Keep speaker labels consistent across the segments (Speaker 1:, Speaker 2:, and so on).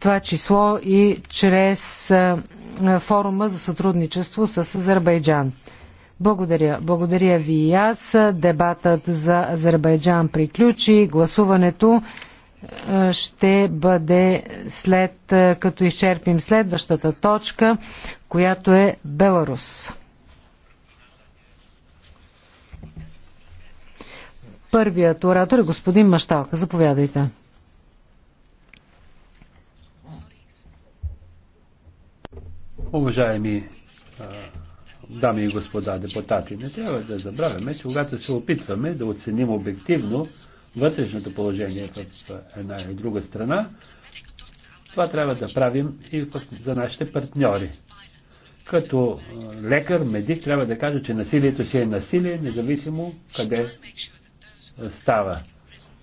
Speaker 1: това число и чрез форума за сътрудничество с Азербайджан. Благодаря. Благодаря ви и аз. Дебатът за Азербайджан приключи. Гласуването ще бъде след като изчерпим следващата точка, която е Беларус. Първият оратор е господин Машталка. Заповядайте.
Speaker 2: Уважаеми дами и господа депутати, не трябва да забравяме, че когато се опитваме да оценим обективно вътрешното положение в една или друга страна, това трябва да правим и за нашите партньори. Като лекар, медик, трябва да кажа, че насилието си е насилие, независимо къде става.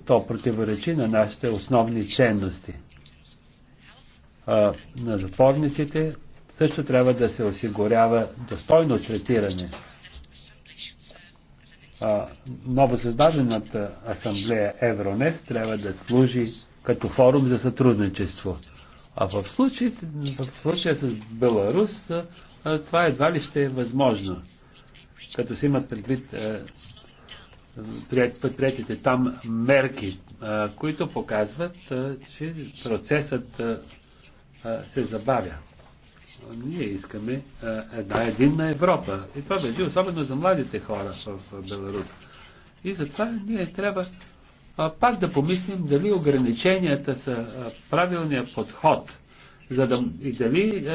Speaker 2: То противоречи на нашите основни ценности. На затворниците също трябва да се осигурява достойно третиране. Новосъздадената асамблея Евронес трябва да служи като форум за сътрудничество. А в случая, в случая с Беларус това едва ли ще е възможно. Като се имат предвид предприятите там мерки, които показват, че процесът се забавя ние искаме една единна Европа. И това въжи особено за младите хора в Беларус. И затова ние трябва пак да помислим дали ограниченията са правилния подход за да, и дали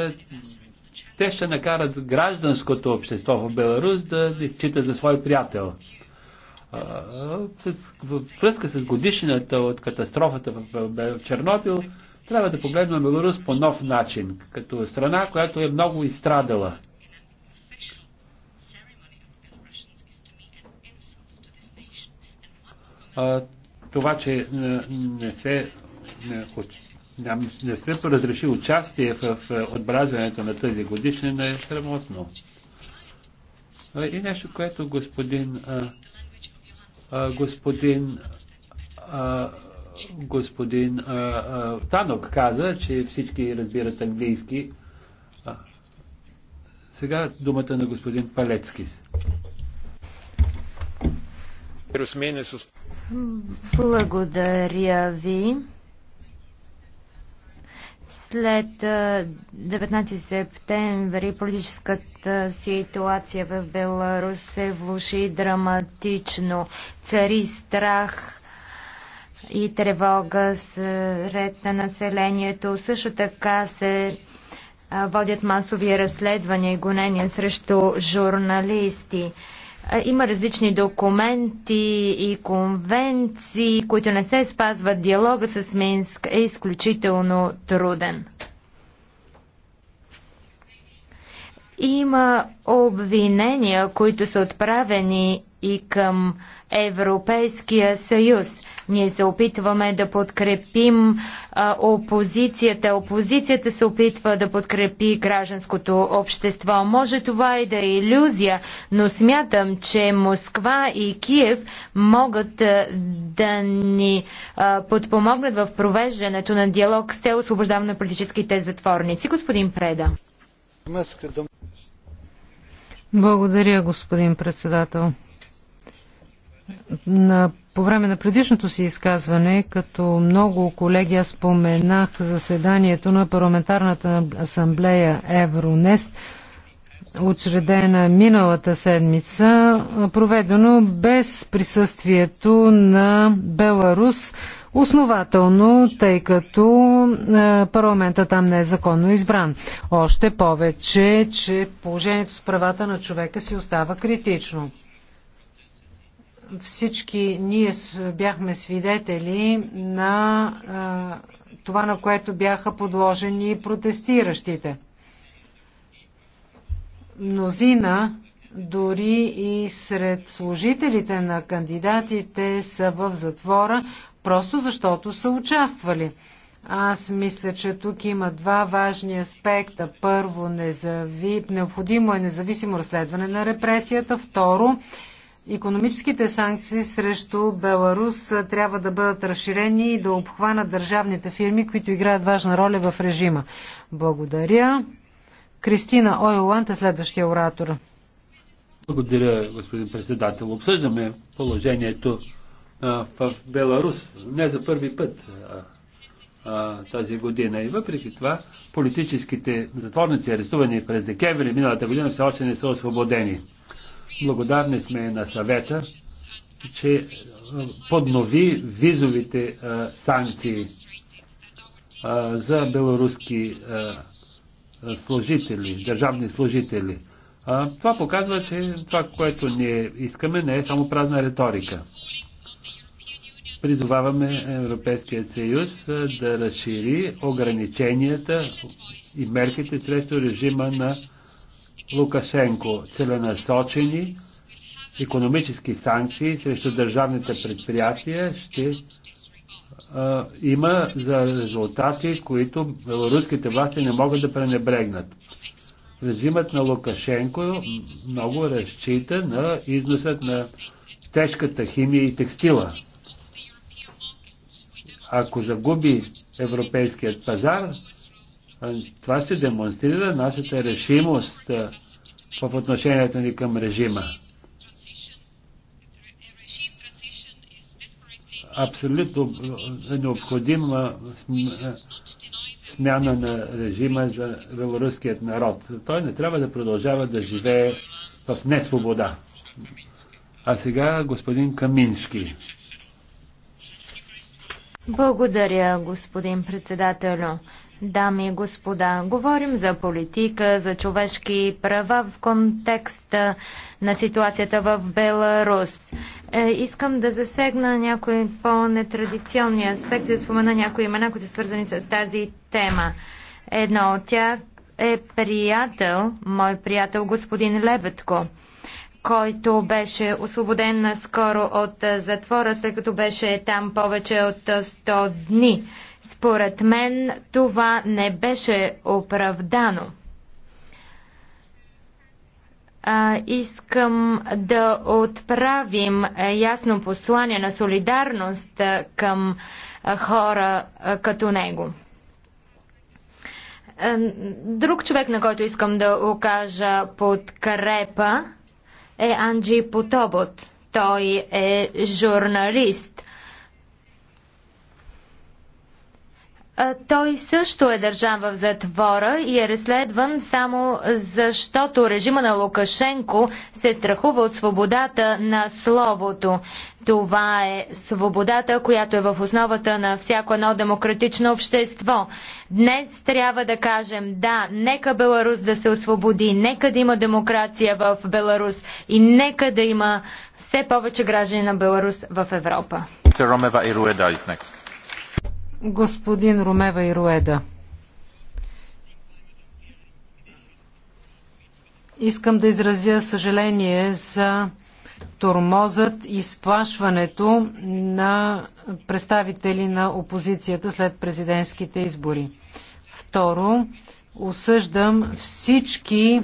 Speaker 2: те ще накарат гражданското общество в Беларус да изчита за свой приятел. връзка с годишната от катастрофата в Чернобил, трябва да погледнем Беларус по нов начин, като страна, която е много изстрадала. А, това, че е, не се, не, не се разреши участие в отбразването на тази годишнина е срамотно. И нещо, което господин, а, а, господин а, господин а, а, Танок каза, че всички разбират английски. А, сега думата на господин Палецкис.
Speaker 3: Благодаря ви. След 19 септември политическата ситуация в Беларус се влуши драматично. Цари страх и тревога сред населението. Също така се водят масови разследвания и гонения срещу журналисти. Има различни документи и конвенции, които не се спазват. Диалога с Минск е изключително труден. Има обвинения, които са отправени и към Европейския съюз. Ние се опитваме да подкрепим а, опозицията. Опозицията се опитва да подкрепи гражданското общество. Може това и да е иллюзия, но смятам, че Москва и Киев могат а, да ни а, подпомогнат в провеждането на диалог с те освобождаване на политическите затворници. Господин Преда.
Speaker 1: Благодаря, господин председател на, по време на предишното си изказване, като много колеги, аз споменах заседанието на парламентарната асамблея Евронест, учредена миналата седмица, проведено без присъствието на Беларус, основателно, тъй като е, парламента там не е законно избран. Още повече, че положението с правата на човека си остава критично всички ние бяхме свидетели на това, на което бяха подложени протестиращите. Мнозина, дори и сред служителите на кандидатите, са в затвора, просто защото са участвали. Аз мисля, че тук има два важни аспекта. Първо, незави... необходимо е независимо разследване на репресията. Второ, Економическите санкции срещу Беларус трябва да бъдат разширени и да обхванат държавните фирми, които играят важна роля в режима. Благодаря. Кристина Ойланд е следващия оратор.
Speaker 2: Благодаря, господин председател. Обсъждаме положението а, в Беларус не за първи път а, а, тази година. И въпреки това, политическите затворници, арестувани през декември миналата година, все още не са освободени. Благодарни сме на съвета, че е, поднови визовите е, санкции е, за белоруски служители, държавни служители. Това показва, че това, което ние искаме, не е само празна риторика. Призоваваме Европейския съюз да разшири ограниченията и мерките срещу режима на Лукашенко целенасочени економически санкции срещу държавните предприятия ще а, има за резултати, които руските власти не могат да пренебрегнат. Режимът на Лукашенко много разчита на износът на тежката химия и текстила. Ако загуби европейският пазар, това ще демонстрира нашата решимост е, в отношението ни към режима. Абсолютно е, необходима е, смяна на режима за белоруският народ. Той не трябва да продължава да живее в несвобода. А сега господин Камински.
Speaker 3: Благодаря, господин председател. Дами и господа, говорим за политика, за човешки права в контекста на ситуацията в Беларус. Е, искам да засегна някои по-нетрадиционни аспекти, да спомена някои имена, които са свързани с тази тема. Едно от тях е приятел, мой приятел господин Лебедко който беше освободен наскоро от затвора, след като беше там повече от 100 дни. Според мен това не беше оправдано. А, искам да отправим е, ясно послание на солидарност е, към е, хора като него. Друг човек, на който искам да окажа подкрепа е Анджи Потобот. Той е журналист. Той също е държан в затвора и е разследван само защото режима на Лукашенко се страхува от свободата на словото. Това е свободата, която е в основата на всяко едно демократично общество. Днес трябва да кажем да, нека Беларус да се освободи, нека да има демокрация в Беларус и нека да има все повече граждани на Беларус
Speaker 1: в Европа. Господин Ромева и Руеда. Искам да изразя съжаление за тормозът и сплашването на представители на опозицията след президентските избори. Второ, осъждам всички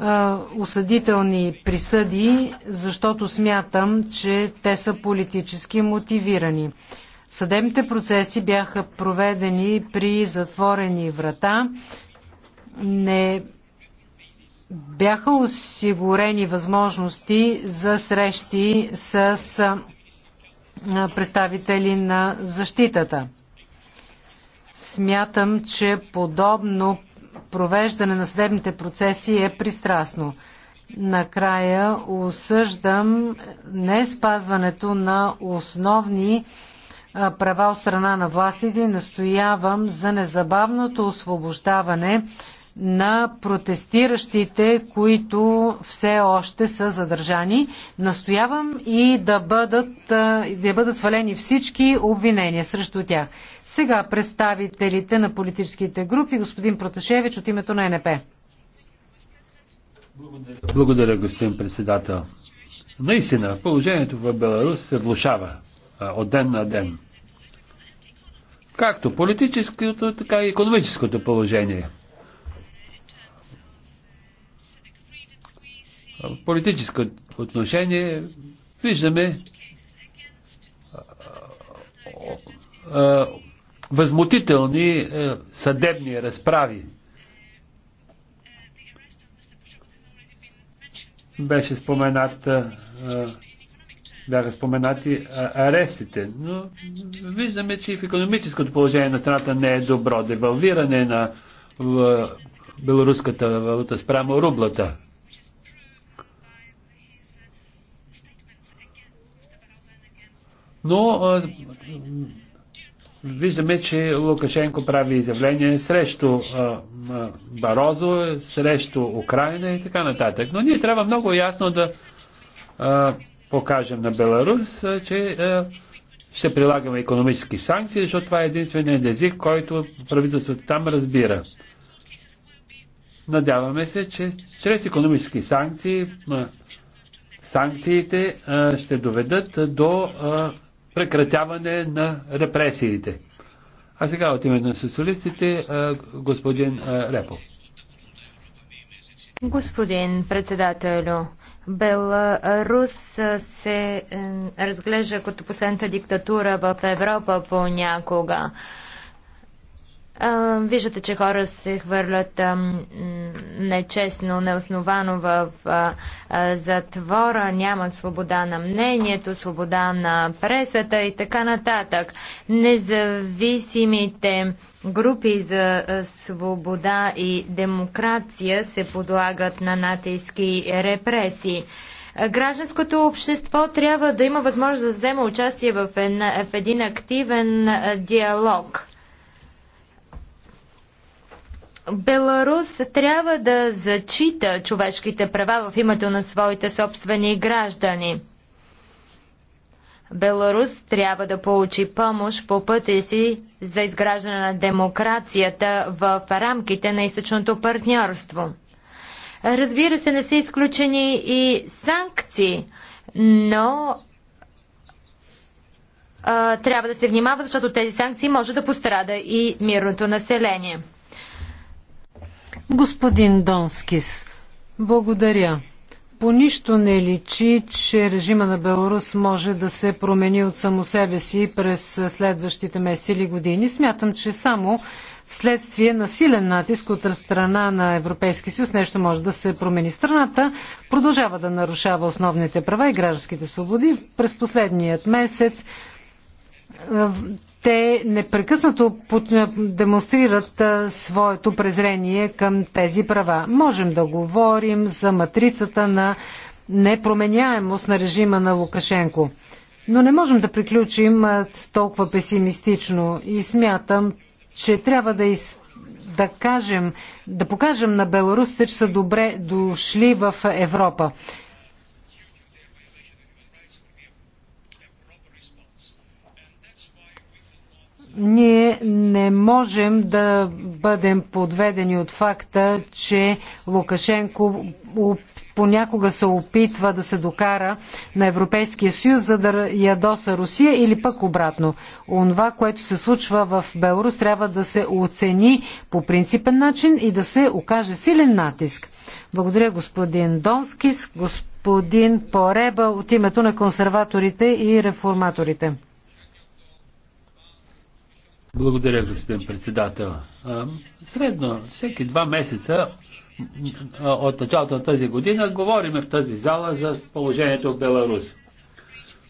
Speaker 1: а, осъдителни присъди, защото смятам, че те са политически мотивирани. Съдебните процеси бяха проведени при затворени врата. Не бяха осигурени възможности за срещи с представители на защитата. Смятам, че подобно провеждане на съдебните процеси е пристрастно. Накрая осъждам не спазването на основни права от страна на властите и настоявам за незабавното освобождаване на протестиращите, които все още са задържани. Настоявам и да бъдат, да бъдат свалени всички обвинения срещу тях. Сега представителите на политическите групи, господин Проташевич от името на НП.
Speaker 2: Благодаря, Благодаря господин председател. Наистина, положението в Беларус се влушава от ден на ден. Както политическото, така и економическото положение. В политическо отношение виждаме възмутителни съдебни разправи. Беше споменат бяха споменати арестите. Но виждаме, че и в економическото положение на страната не е добро. Девалвиране на белоруската валута спрямо рублата. Но виждаме, че Лукашенко прави изявление срещу Барозо, срещу Украина и така нататък. Но ние трябва много ясно да а, покажем на Беларус, че ще прилагаме економически санкции, защото това е единственият език, който правителството там разбира. Надяваме се, че чрез економически санкции санкциите ще доведат до прекратяване на репресиите. А сега от името на социалистите господин Репо.
Speaker 3: Господин председателю, Беларус се е, разглежда като последната диктатура в Европа понякога. Виждате, че хора се хвърлят нечестно, неосновано в затвора, нямат свобода на мнението, свобода на пресата и така нататък. Независимите групи за е, свобода и демокрация се подлагат на натиски репресии. Е, гражданското общество трябва да има възможност да взема участие в, една, в един активен е, диалог. Беларус трябва да зачита човешките права в името на своите собствени граждани. Беларус трябва да получи помощ по пътя си за изграждане на демокрацията в рамките на източното партньорство. Разбира се, не са изключени и санкции, но а, трябва да се внимава, защото тези санкции може да пострада и мирното население.
Speaker 1: Господин Донскис, благодаря по нищо не личи, че режима на Беларус може да се промени от само себе си през следващите месеци или години. Смятам, че само вследствие на силен натиск от страна на Европейски съюз нещо може да се промени. Страната продължава да нарушава основните права и гражданските свободи. През последният месец те непрекъснато е, демонстрират е, своето презрение към тези права. Можем да говорим за матрицата на непроменяемост на режима на Лукашенко. Но не можем да приключим е, толкова песимистично и смятам, че трябва да, из... да кажем, да покажем на белорусите, че са добре дошли в Европа. Ние не можем да бъдем подведени от факта, че Лукашенко понякога се опитва да се докара на Европейския съюз, за да ядоса Русия или пък обратно. Онова, което се случва в Беларус, трябва да се оцени по принципен начин и да се окаже силен натиск. Благодаря господин Донскис, господин Пореба от името на консерваторите и реформаторите.
Speaker 2: Благодаря, господин председател. Средно, всеки два месеца от началото на тази година говориме в тази зала за положението в Беларус.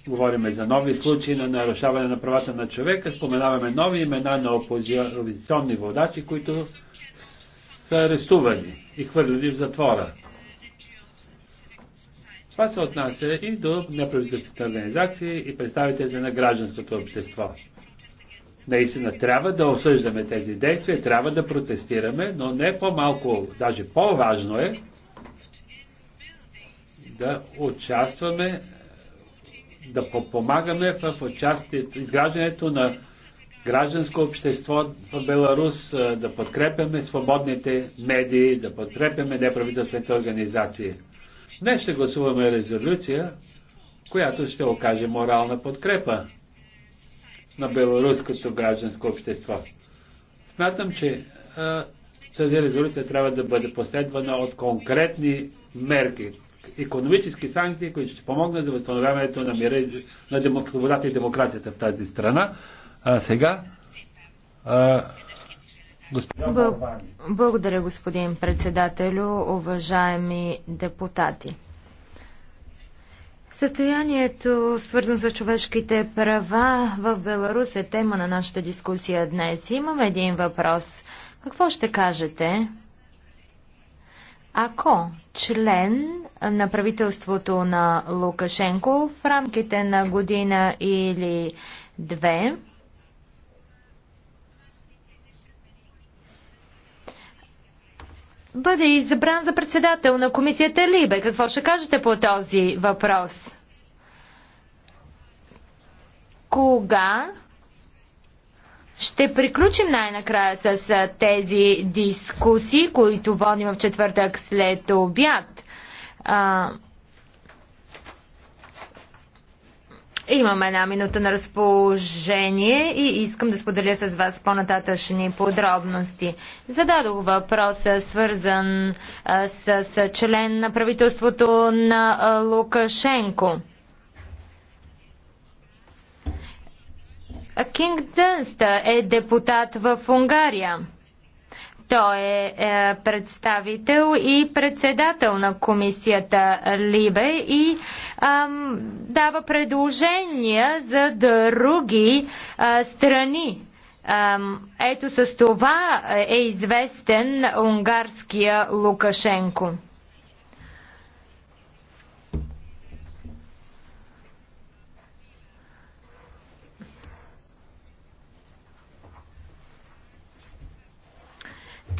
Speaker 2: Говориме за нови случаи на нарушаване на правата на човека, споменаваме нови имена на опозиционни водачи, които са арестувани и хвърлени в затвора. Това се отнася и до неправителствените организации и представителите на гражданското общество. Наистина трябва да осъждаме тези действия, трябва да протестираме, но не по-малко, даже по-важно е да участваме, да подпомагаме в участието, изграждането на гражданско общество в Беларус, да подкрепяме свободните медии, да подкрепяме неправителствените организации. Днес ще гласуваме резолюция, която ще окаже морална подкрепа на белоруското гражданско общество. Смятам, че а, тази резолюция трябва да бъде последвана от конкретни мерки, економически санкции, които ще помогнат за възстановяването на мира, на свободата и демокрацията в тази страна. А сега а,
Speaker 3: Благодаря, господин председателю, уважаеми депутати. Състоянието, свързано с човешките права в Беларус е тема на нашата дискусия днес. Имам един въпрос. Какво ще кажете, ако член на правителството на Лукашенко в рамките на година или две бъде избран за председател на комисията Либе. Какво ще кажете по този въпрос? Кога ще приключим най-накрая с тези дискусии, които водим в четвъртък след обяд? Имам една минута на разположение и искам да споделя с вас по-нататъчни подробности. Зададох въпроса, свързан а, с, с член на правителството на а, Лукашенко. Кинг Дънста е депутат в Унгария. Той е, е представител и председател на комисията Либе и ам, дава предложения за други а, страни. Ам, ето с това е известен унгарския Лукашенко.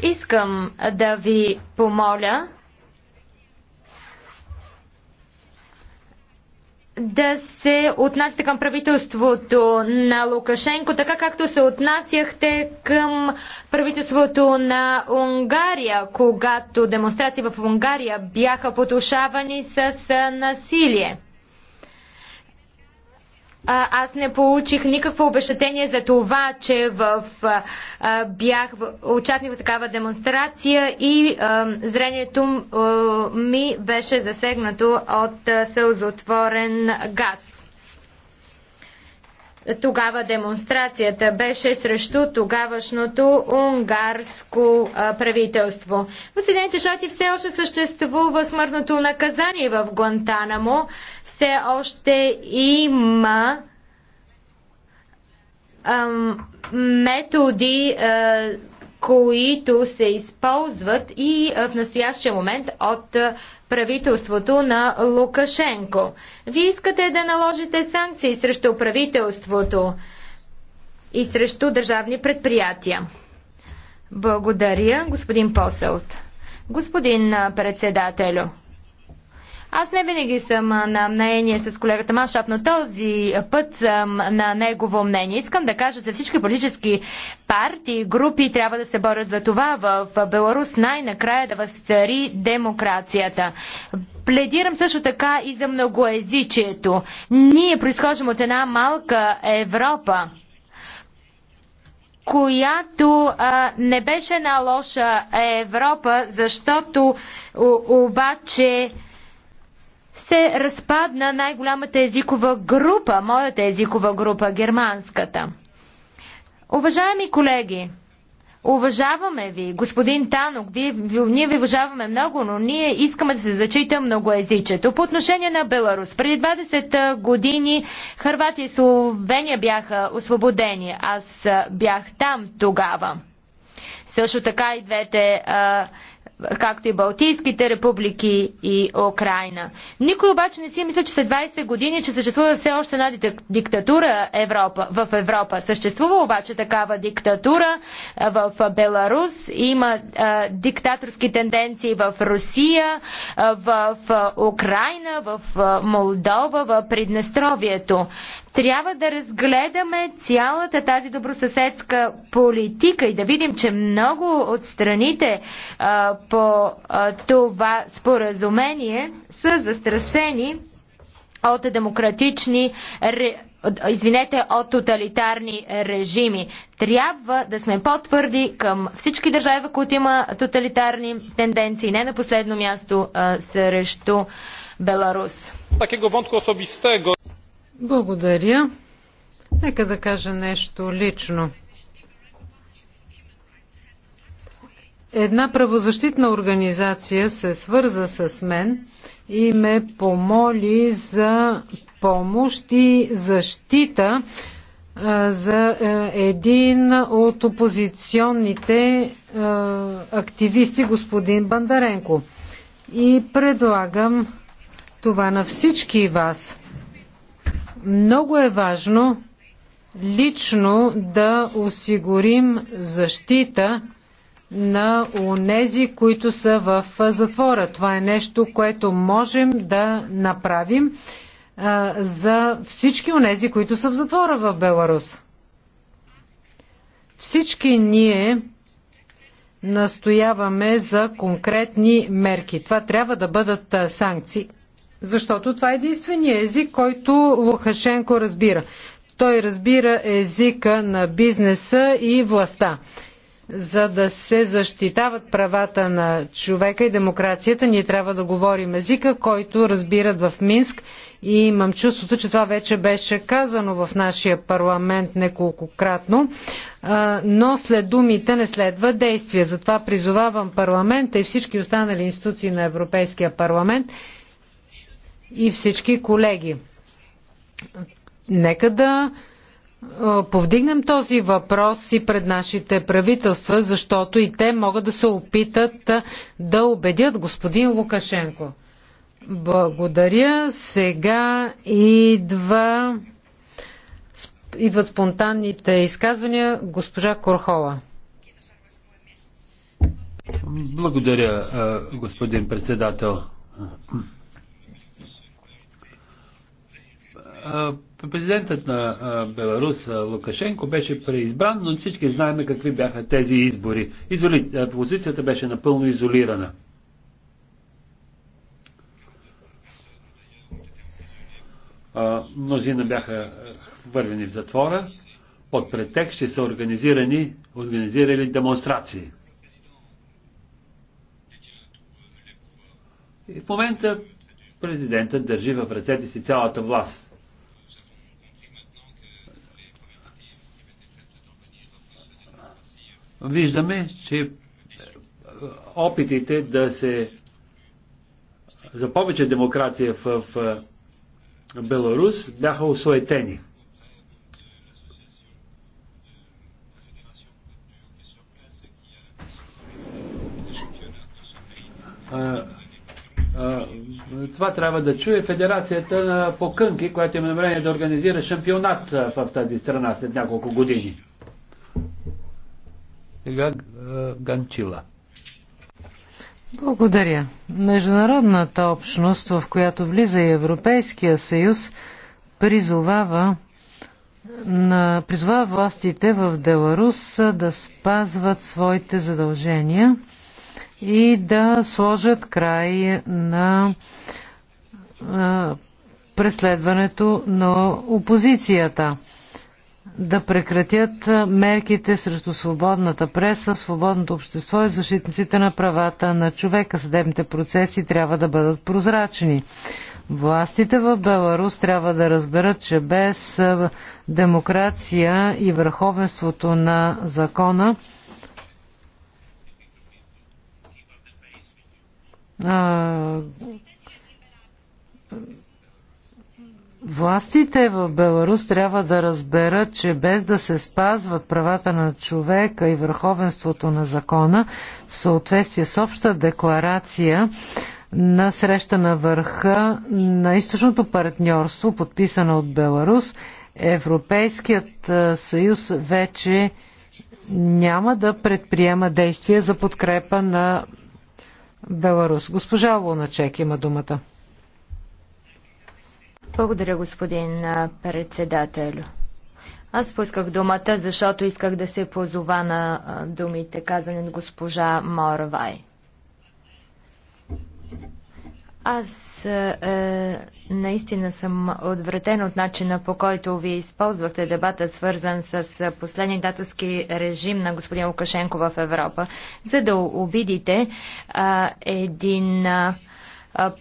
Speaker 3: Искам да ви помоля да се отнасяте към правителството на Лукашенко, така както се отнасяхте към правителството на Унгария, когато демонстрации в Унгария бяха потушавани с насилие аз не получих никакво обещатение за това, че в, а, бях участник в такава демонстрация и а, зрението ми беше засегнато от сълзотворен газ. Тогава демонстрацията беше срещу тогавашното унгарско а, правителство. В Съединените щати все още съществува смъртното наказание в Гуантанамо. Все още има ам, методи, а, които се използват и а, в настоящия момент от правителството на Лукашенко. Вие искате да наложите санкции срещу правителството и срещу държавни предприятия. Благодаря, господин Поселт. Господин председателю, аз не винаги съм на мнение с колегата Маншап, но този път съм на негово мнение. Искам да кажа, че всички политически партии, групи трябва да се борят за това в Беларус най-накрая да възцари демокрацията. Пледирам също така и за многоезичието. Ние произхождам от една малка Европа която а, не беше една лоша Европа, защото обаче се разпадна най-голямата езикова група, моята езикова група, германската. Уважаеми колеги, уважаваме ви, господин Танок, ви, ви, ние ви уважаваме много, но ние искаме да се зачита езичето По отношение на Беларус, преди 20 години Харватия и Словения бяха освободени. Аз бях там тогава. Също така и двете а, както и Балтийските републики и Украина. Никой обаче не си мисля, че след 20 години, че съществува все още една диктатура Европа, в Европа. Съществува обаче такава диктатура в Беларус, има а, диктаторски тенденции в Русия, в Украина, в Молдова, в Приднестровието. Трябва да разгледаме цялата тази добросъседска политика и да видим, че много от страните а, по а, това споразумение са застрашени от демократични извинете, от тоталитарни режими. Трябва да сме по-твърди към всички държави, които има тоталитарни тенденции. Не на последно място а,
Speaker 1: срещу Беларус. Благодаря. Нека да кажа нещо лично. Една правозащитна организация се свърза с мен и ме помоли за помощ и защита за един от опозиционните активисти, господин Бандаренко. И предлагам това на всички вас. Много е важно лично да осигурим защита на онези, които са в затвора. Това е нещо, което можем да направим а, за всички онези, които са в затвора в Беларус. Всички ние настояваме за конкретни мерки. Това трябва да бъдат санкции. Защото това е единствения език, който Лукашенко разбира. Той разбира езика на бизнеса и властта. За да се защитават правата на човека и демокрацията, ние трябва да говорим езика, който разбират в Минск. И имам чувството, че това вече беше казано в нашия парламент неколкократно. Но след думите не следва действие. Затова призовавам парламента и всички останали институции на Европейския парламент и всички колеги. Нека да повдигнем този въпрос и пред нашите правителства, защото и те могат да се опитат да убедят господин Лукашенко. Благодаря. Сега идва идват спонтанните изказвания. Госпожа Корхова.
Speaker 2: Благодаря, господин председател. Президентът на Беларус Лукашенко беше преизбран, но всички знаем какви бяха тези избори. Изоли... Позицията беше напълно изолирана. Мнозина бяха хвърлени в затвора под претекст, че са организирани, организирали демонстрации. И в момента президентът държи в ръцете си цялата власт. виждаме, че е, опитите да се за повече демокрация в е, Беларус бяха осуетени. това трябва да чуе Федерацията на Покънки, която има намерение да организира шампионат в тази страна след няколко години. Сега е, Ганчила.
Speaker 1: Благодаря. Международната общност, в която влиза и Европейския съюз, призовава на, призовава властите в Беларус да спазват своите задължения и да сложат край на а, е, преследването на опозицията да прекратят мерките срещу свободната преса, свободното общество и защитниците на правата на човека. Съдебните процеси трябва да бъдат прозрачни. Властите в Беларус трябва да разберат, че без демокрация и върховенството на закона а, Властите в Беларус трябва да разберат, че без да се спазват правата на човека и върховенството на закона, в съответствие с обща декларация на среща на върха на източното партньорство, подписана от Беларус, Европейският съюз вече няма да предприема действия за подкрепа на Беларус. Госпожа Луначек има думата.
Speaker 3: Благодаря, господин председател. Аз поисках думата, защото исках да се позова на думите, казани от госпожа Морвай. Аз е, наистина съм отвратен от начина по който вие използвахте дебата, свързан с последния датовски режим на господин Лукашенко в Европа, за да обидите е, един. Е,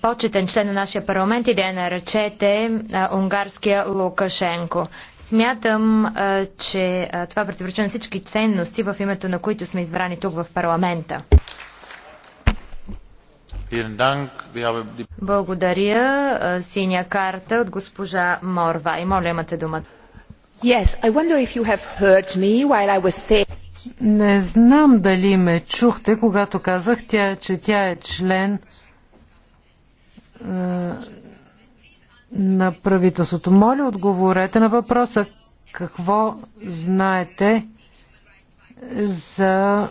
Speaker 3: почетен член на нашия парламент и да я наречете унгарския Лукашенко. Смятам, че това противоречи на всички ценности, в името на които сме избрани тук в парламента. Благодаря. Синя карта от госпожа Морва. И моля, имате думата.
Speaker 1: Yes, I wonder if you have heard me while I was saying... Не знам дали ме чухте, когато казах, тя, че тя е член е, на правителството. Моля, отговорете на въпроса какво знаете за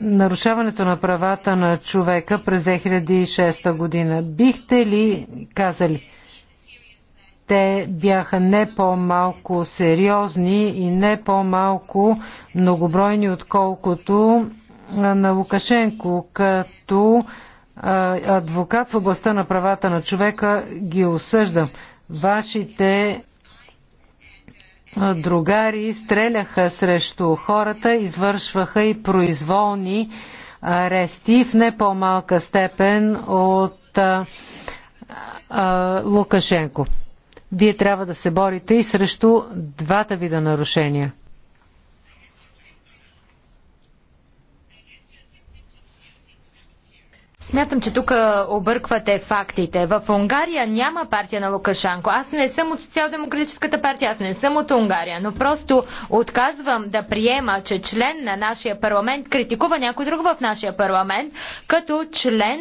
Speaker 1: нарушаването на правата на човека през 2006 година. Бихте ли казали? те бяха не по-малко сериозни и не по-малко многобройни, отколкото на Лукашенко, като адвокат в областта на правата на човека ги осъжда. Вашите другари стреляха срещу хората, извършваха и произволни арести в не по-малка степен от а, а, Лукашенко. Вие трябва да се борите и срещу двата вида нарушения.
Speaker 3: Смятам, че тук обърквате фактите. В Унгария няма партия на Лукашанко. Аз не съм от социал-демократическата партия, аз не съм от Унгария, но просто отказвам да приема, че член на нашия парламент критикува някой друг в нашия парламент, като член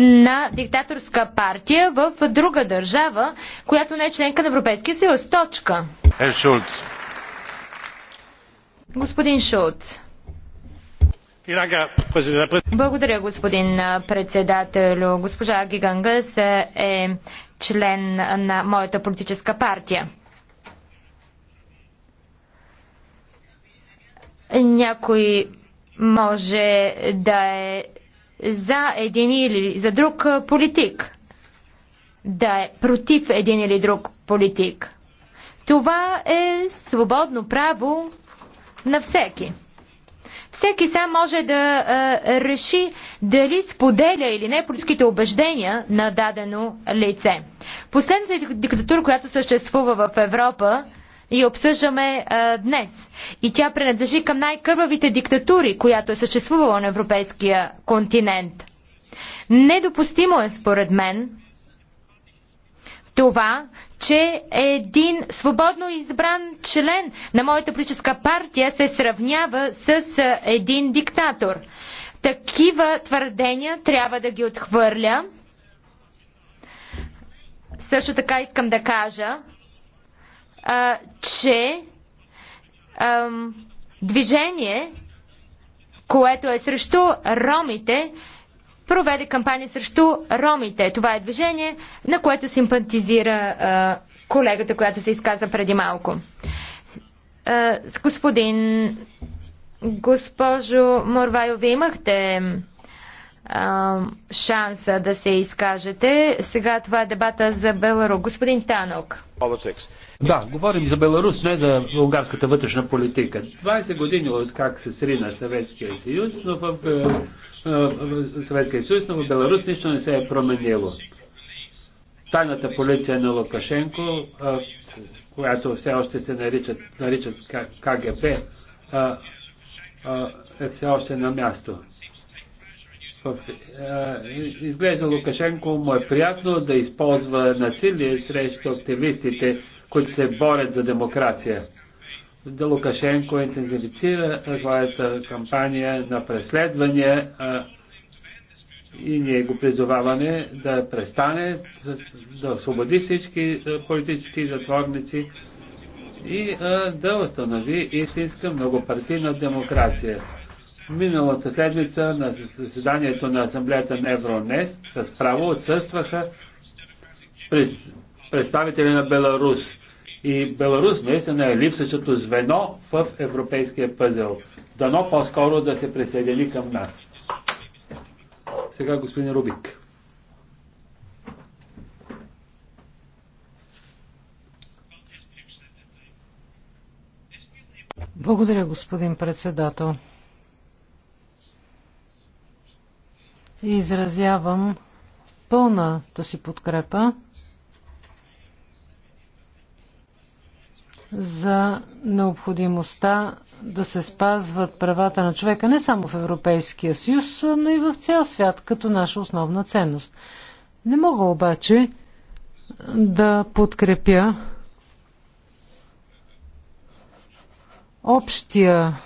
Speaker 3: на диктаторска партия в друга държава, която не е членка на Европейския съюз. Точка. Е, Господин Шулц. Благодаря, господин председател. Госпожа Гигангъс е член на моята политическа партия. Някой може да е за един или за друг политик, да е против един или друг политик. Това е свободно право на всеки. Всеки сам може да а, реши дали споделя или не политическите убеждения на дадено лице. Последната диктатура, която съществува в Европа, и обсъждаме а, днес. И тя принадлежи към най-кървавите диктатури, която е съществувала на европейския континент. Недопустимо е, според мен, това, че един свободно избран член на моята политическа партия се сравнява с един диктатор. Такива твърдения трябва да ги отхвърля. Също така искам да кажа, а, че а, движение, което е срещу ромите, проведе кампания срещу ромите. Това е движение, на което симпатизира а, колегата, която се изказа преди малко. А, господин, госпожо Морвайо, вие имахте а, шанса да се изкажете. Сега това е дебата за Беларо. Господин Танок.
Speaker 2: Да, говорим за Беларус, не за българската вътрешна политика. 20 години от как се срина Съветския съюз, но в е, Съветския съюз, но в Беларус нищо не се е променило. Тайната полиция на Лукашенко, която все още се наричат, наричат КГП, е все още на място. В, изглежда Лукашенко му е приятно да използва насилие срещу активистите, които се борят за демокрация да Лукашенко интензифицира своята кампания на преследвания а, и ние го призоваваме да престане, да освободи всички политически затворници и а, да установи истинска многопартийна демокрация. Миналата седмица на заседанието на Асамблеята на Евронест с право отсъстваха представители на Беларус. И Беларус наистина е липсващото звено в европейския пъзел. Дано по-скоро да се присъедини към нас. Сега господин Рубик.
Speaker 1: Благодаря, господин председател. Изразявам пълната си подкрепа за необходимостта да се спазват правата на човека не само в Европейския съюз, но и в цял свят като наша основна ценност. Не мога обаче да подкрепя общия,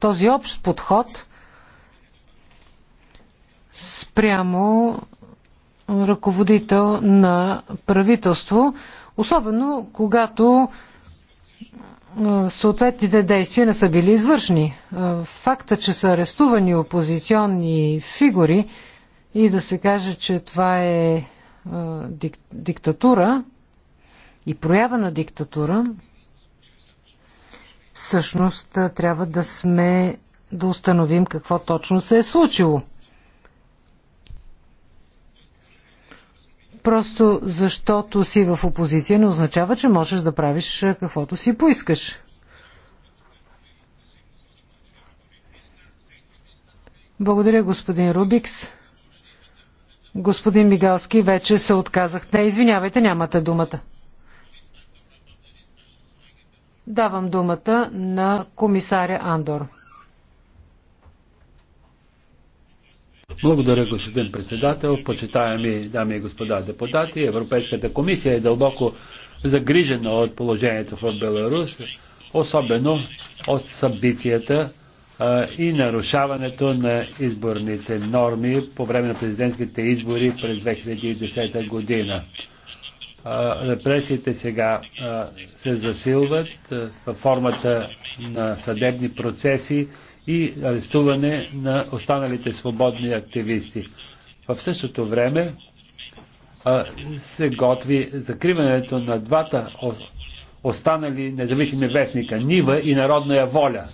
Speaker 1: този общ подход спрямо ръководител на правителство, особено когато съответните действия не са били извършни. Факта, че са арестувани опозиционни фигури и да се каже, че това е дик, диктатура и проява на диктатура, всъщност трябва да сме да установим какво точно се е случило. Просто защото си в опозиция не означава, че можеш да правиш каквото си поискаш. Благодаря, господин Рубикс. Господин Мигалски, вече се отказах. Не, извинявайте, нямате думата. Давам думата на комисаря Андор.
Speaker 2: Благодаря, господин председател, почитаеми дами и господа депутати. Европейската комисия е дълбоко загрижена от положението в Беларус, особено от събитията а, и нарушаването на изборните норми по време на президентските избори през 2010 година. репресиите сега а, се засилват а, във формата на съдебни процеси, и арестуване на останалите свободни активисти. В същото време а, се готви закриването на двата останали независими вестника Нива и Народная воля.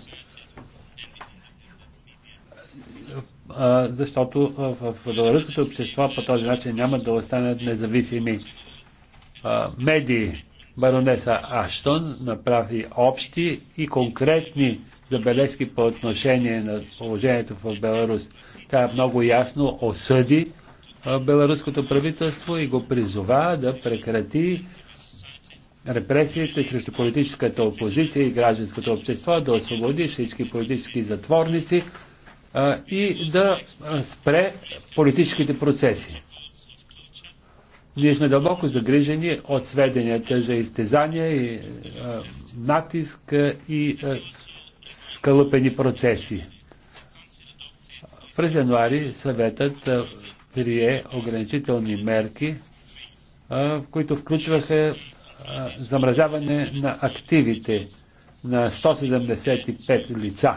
Speaker 2: А, защото в българското общество по този начин няма да останат независими а, медии баронеса Аштон направи общи и конкретни забележки по отношение на положението в Беларус. Тя много ясно осъди беларуското правителство и го призова да прекрати репресиите срещу политическата опозиция и гражданското общество, да освободи всички политически затворници и да спре политическите процеси. Ние сме дълбоко загрижени от сведенията за изтезания, и, а, е, натиск е, и а, е, скълъпени процеси. През януари съветът а, прие ограничителни мерки, а, които включваха а, замразяване на активите на 175 лица.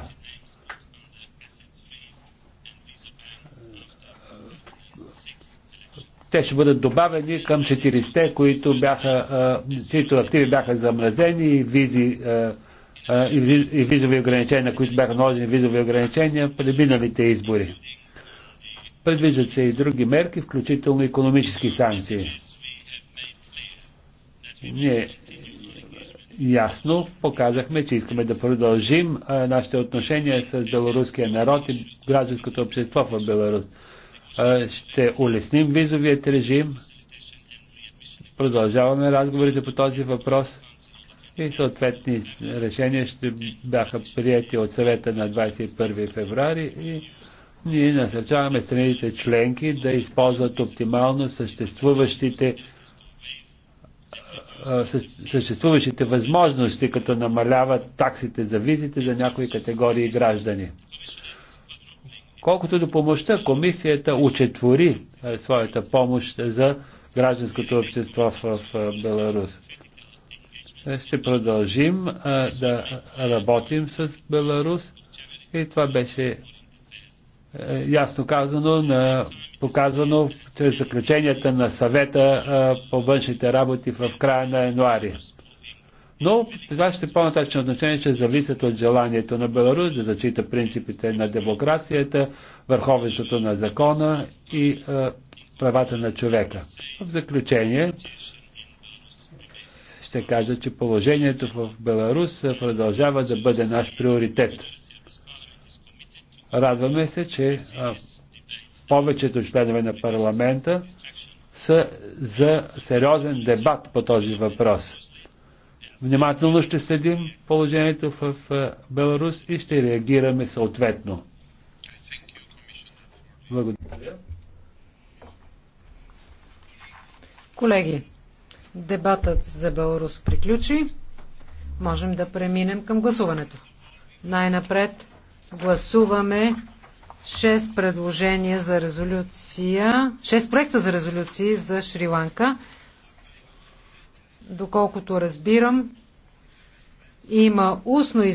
Speaker 2: те ще бъдат добавени към 40-те, които бяха, чието активи бяха замразени и визи и визови ограничения, които бяха наложени визови ограничения при миналите избори. Предвиждат се и други мерки, включително економически санкции. Ние ясно показахме, че искаме да продължим нашите отношения с белоруския народ и гражданското общество в Беларус ще улесним визовият режим. Продължаваме разговорите по този въпрос и съответни решения ще бяха прияти от съвета на 21 феврари и ние насърчаваме страните членки да използват оптимално съществуващите съществуващите възможности, като намаляват таксите за визите за някои категории граждани. Колкото до помощта, комисията учетвори е, своята помощ за гражданското общество в Беларус. Е, ще продължим е, да работим с Беларус и това беше ясно казано, на, показано чрез заключенията на съвета по външните работи в края на януари. Но това ще по-нататъчно значение, че зависят от желанието на Беларус да зачита принципите на демокрацията, върховенството на закона и е, правата на човека. В заключение ще кажа, че положението в Беларус продължава да бъде наш приоритет. Радваме се, че а, е, повечето членове на парламента са за сериозен дебат по този въпрос. Внимателно ще следим положението в е, Беларус и ще реагираме съответно. Благодаря.
Speaker 1: Колеги, дебатът за Беларус приключи. Можем да преминем към гласуването. Най-напред гласуваме 6 предложения за резолюция, 6 проекта за резолюции за Шри-Ланка. Доколкото разбирам, има устно